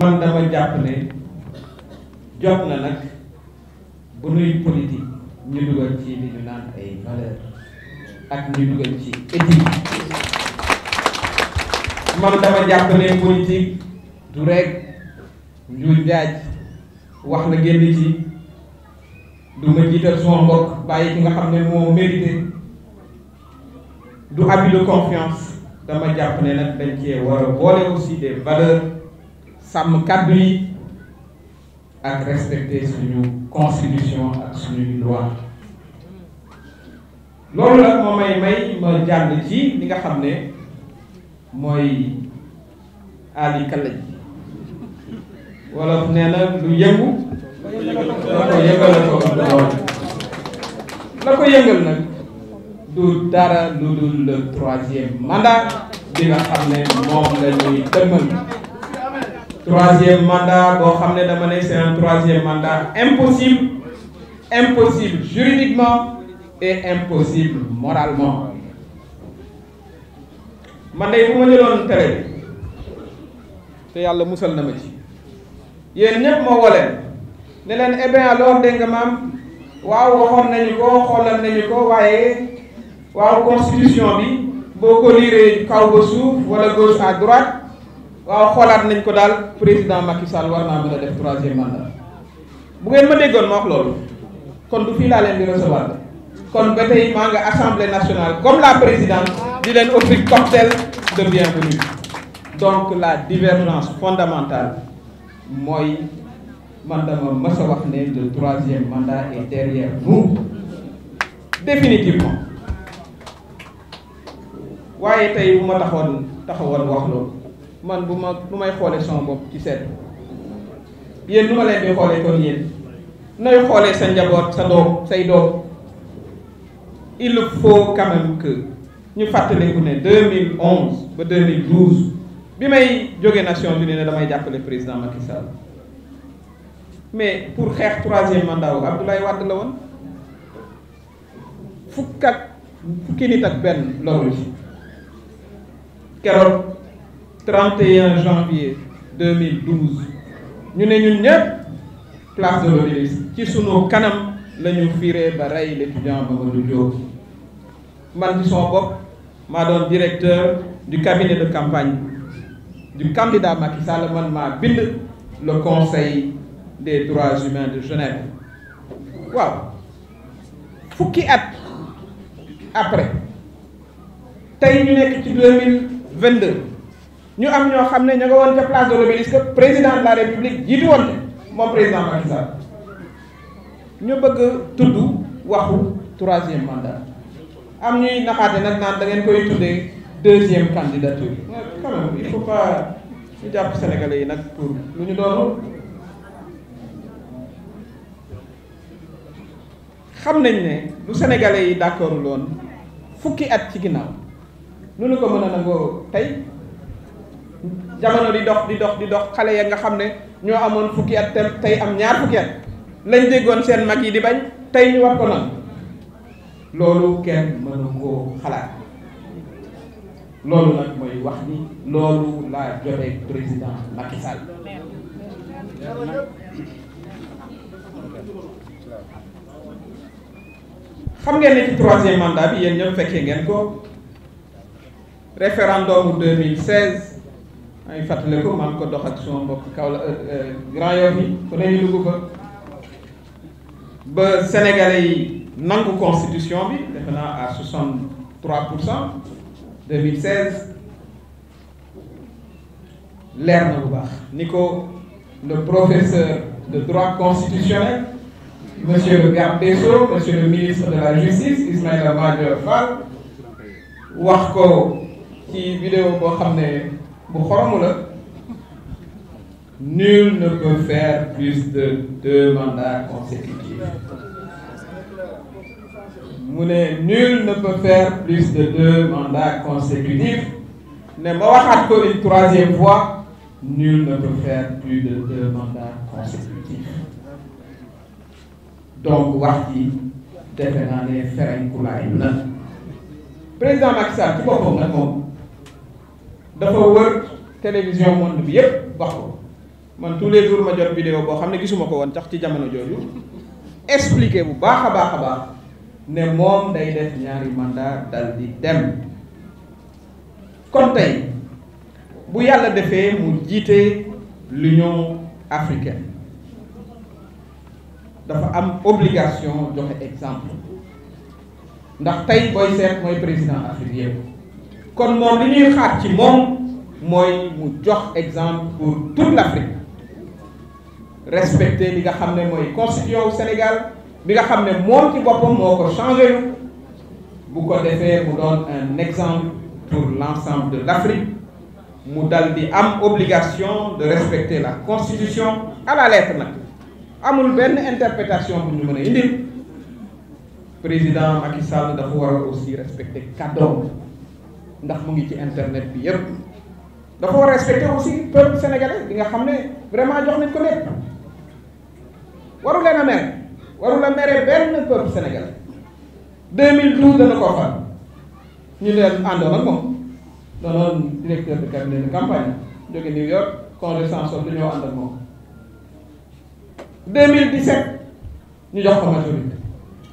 man dama jàpp ne jot na nag bu nuy politique ñu dugal ci li ñu naan ay valeur ak ñu dugal ci éthique man dama jàpp ne politique du rek njuuj njaaj wax la génn ci du ma jiital suma mbokk bàyyi ki nga xam ne moo mérité du abus de confiance dama jàpp ne nag dañ cee war a boole aussi des sàmm kàddu yi ak respecter suñu constitution ak suñuy loi loolu nag moo may may ma jàll ci li nga xam ne mooy ali kalaj wala nee na lu yëngu la yëngal nag du dara lu dul le troisième mandat bi nga xam ne moom la ñuy dëmmal troisième mandat boo xam ne dama ne c'est un troisième mandat impossible impossible juridiquement et impossible moralement man day bu ma jëloon tere bi te yàlla musal na ma ci yéen ñëpp ma woleen ne leen eh bien alors dégg nga maam waaw waxoon nañu ko xoolal nañu ko waaye waaw constitution bi boo ko liiree kaw ba suuf wala gauche à droite waaw xoolaat nañ ko daal président Macky Sall war naa mën a def troisième mandat bu ngeen ma déggoon ma wax loolu kon du fii laa leen di recevoir kon ba tey maa nga assemblée nationale comme la président di leen offrir cocktail de bienvenue donc la divergence fondamentale mooy man dama mës a wax ne le troisième mandat est derrière nous définitivement waaye tey bu ma taxoon taxawoon wax loolu. man bu ma bu may xoolee sama bopp ci seet yéen nu ma leen di xoolee kon yéen nooy xoolee sa njaboot sa doom say doom il faut quand même que ñu fàttaliku ne 2011 ba 2012 bi may jóge Nations Unies ne damay jàppale président Macky mais pour xeex troisième mandat wu Abdoulaye Wade la woon fukk ak fukki nit ak benn loolu keroog. 31 janvier 2012 ñu ne ñun ñëpp place de l'Obélisque ci sunu kanam la fiire ba rey l'étudiant Mamadou Diop man ci son bopp maa doon directeur du cabinet de campagne du candidat Macky Sall man maa bind le conseil des droits humains de Genève waaw fukki at après tey ñu nekk ci 2022 ñu am ñoo xam ne ña nga woon ca place de l'Obélisque président de la république jiitu woon moom président Macky Sall ñu bëgg tudd waxu troisième mandat am ñuy naxaate nag naan da ngeen koy tuddee deuxième candidature. quand même il faut pas ñu jàpp sénégalais yi nag pour lu ñu doon xam nañ ne lu sénégalais yi d'accord loon fukki at ci ginnaaw lu ñu ko mën a nangoo tey. jamono di dox di dox di dox xale ya nga xam ne ñoo amoon fukki at te tey am ñaar fukki at lañ déggoon seen mag yi di bañ tey ñu war ko noonu loolu kenn mënu koo xalaat loolu nag mooy wax ni loolu laa jote président Macky xam ngeen ne ci troisième mandat bi yéen fekkee ngeen ko référendum 2016 ay ngi fàttali ko ko dox ak suma kaw la euh, euh, Grand Yoff yi ku ne ñu ba sénégalais yi nangu constitution bi defe naa à 63 pour cent 2016 leer na bu baax ni ko le professeur de droit constitutionnel monsieur le garde des Sceaux ministre de la justice Ismaïla Madior Fall wax ko ci vidéo boo xam ne bu xoromu la nul ne peut faire plus de deux mandats consécutifs mu ne nul ne peut faire plus de deux mandats consécutifs ne ma waxaat ko une troisième fois nul ne peut faire plus de deux mandats consécutifs donc wax ji defe naa ne fereñ kulaay na président Macky Sall ci boppam nag moom dafa wër télévision monde bi yépp wax ko man tous les jours ma jot vidéo boo xam ne gisuma ko woon tax ci jamono jooju expliquer bu baax a baax a baax ne moom day def ñaari mandat dal di dem kon tey bu yàlla defee mu jiite l'Union africaine dafa am obligation joxe exemple ndax tey booy seet mooy président afrique yépp kon moom li ñuy ak ci moom mooy mu jox exemple pour toute l'Afrique respecter li nga xam ne mooy constitution wu Sénégal bi nga xam ne moom ci boppam moo ko changé bu ko defee mu doon un de l'Afrique mu dal di am obligation de respecter la constitution à la lettre nag amul benn interprétation bu ñu mën a indil président Macky Sall dafa war a aussi respecter kàddoom ndax mu ngi ci internet bi yëpp dafa war respecté aussi peuple sénégalais bi nga xam ne vraiment jox nañ ko war waru leen a mere na la mere benn peuple sénégalais 2012 dana ko fal ñu leen àndoon ak moom doonoon directeur de cabinet de campagne jóge New York congressance om dañoo ànd ak moom 2017 ñu jox ko majorité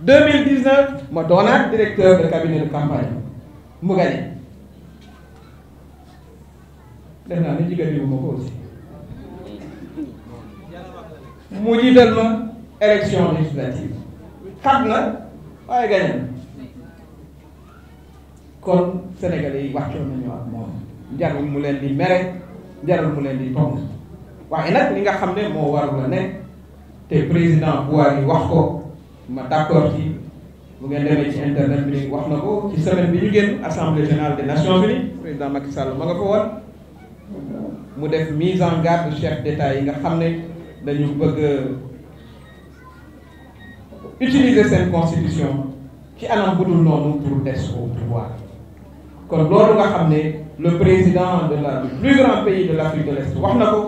2019 ma doonaat directeur de cabinet de campagne mu gagné def naa ne jigéen ñi ma ko aussi mu jiital ma élection législative xat na waaye gañe na kon sénégalais yi waxtoon nañu ak moom jarul mu leen di mere jarul mu leen di tong waaye nag li nga xam ne moo warul la nekk te président Buhari wax ko ma d'accord ci bu ngeen demee ci internet bi wax na ko ci semaine bi ñu génn assemblée générale des nations unies président Macky Sall ma nga ko war mu def mise en garde chef d'État yi nga xam ne dañu bëgg utiliser seen constitution ci anam bu dul noonu pour des au pouvoir kon loolu nga xam ne le président de la du plus grand pays de l'Afrique de l'Est wax na ko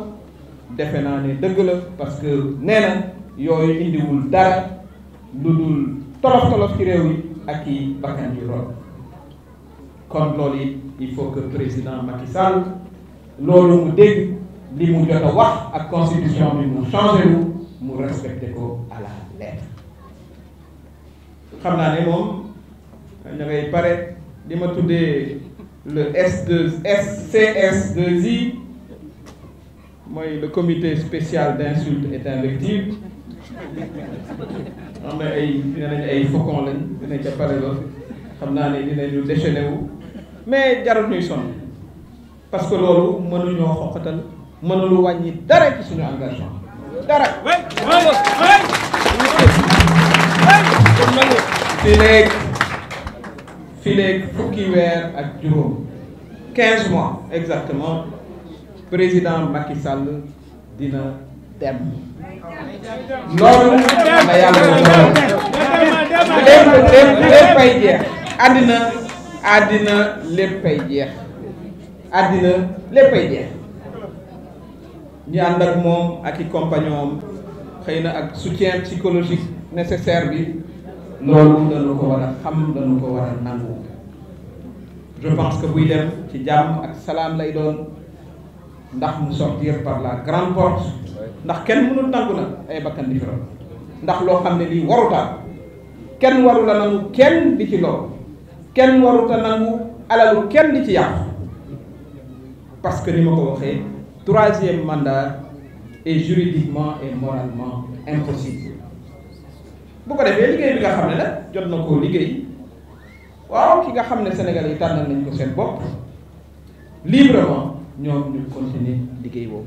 defe naa ne dëgg la parce que nee na yooyu indiwul dara lu dul tolof tolof ci réew yi ak i bakkan yu kon loolu it il faut que président Macky Sall loolu mu dégg li mu jot a wax ak constitution bi mu changé wu mu respecté ko à la lettre xam naa ne moom da ngay pare li ma tuddee le S2 SCS2I mooy le comité spécial d'insulte et d'invective am na ay dinañ ay faucon lañ dinañ ca pare lool xam naa ne dinañu déchaîné wu mais jarul ñuy sonn. parce que loolu mënuñoo xoqatal mënulu wàññi dara ci suñu engagement dara fi léegi fukki weer ak juróom quinze mois exactement président Macky Sall dina dem loolu na yàlla na lépp lépp jeex àddina àddina lépp jeex àddina léppay jeex ñu ànd ak moom ak i compagnon xëy na ak soutien psychologique nécessaire bi loolu dañu ko war a xam dañu ko war a nangu je que buy dem ci jàmm ak salaam lay doon ndax mu sortir par la grande porte ndax kenn mënul nangu na ay bakkan di ndax loo xam ne lii waruta kenn waru la nangu kenn di ci lool kenn waruta nangu alalu kenn di ci yàqu parce que ni ma ko waxee troisième mandat est juridiquement et moralement impossible bu ko defee liggéey bi nga xam ne nag jot na koo liggéey waaw ki nga xam ne Sénégal yi tànnal nañ ko seen bopp librement ñoom ñu continuer liggéey woo